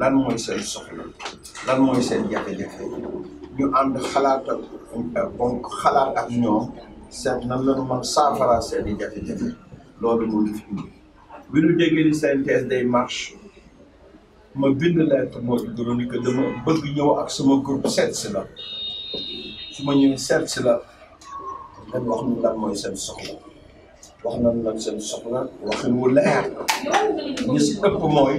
lan mooy seen soxla lan mooy seen jafe-jafe ñu ànd xalaat ak euh, xalaat ak ñoom seet nan la ñu mën saafara seen i jafe-jafe loolu moo fi indi bi ñu déggee ni CNTS day marche ma bind lettre moo di dama bëgg ñëw ak suma groupe seet si la su ma seet si la dañ wax ñu lan mooy seen soxla wax nañ lan seen soxla waxin wu leer ñi si ëpp mooy.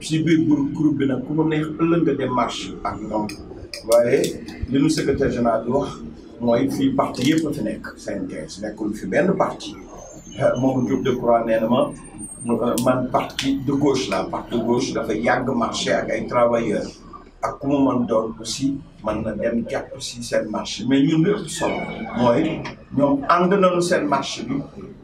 ci biir groupe bi nag ku mu neex ëllëg nga dem ak ñoom waaye li nu secrétaire général wax mooy fii parti yëpp a fi nekk CNTS nekkul fi benn parti euh, moom Diop Decroix nee na euh, man parti de gauche la parti de gauche dafa yàgg marché ak travailleurs ak ku mu mën doon aussi man na dem jàpp si seen marché mais ñun lépp solo mooy ñoom ànd nañu seen marché bi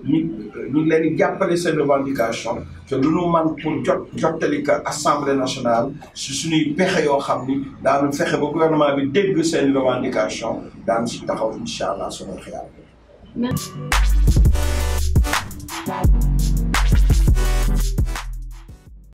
ñu ñu leen di jàppale seen revendication te lu nu man pour jot jotali ko assemblée nationale si suñuy pexe yoo xam ni daanu fexe ba gouvernement bi dégg seen revendication daan si taxaw incha allah sunu xiyal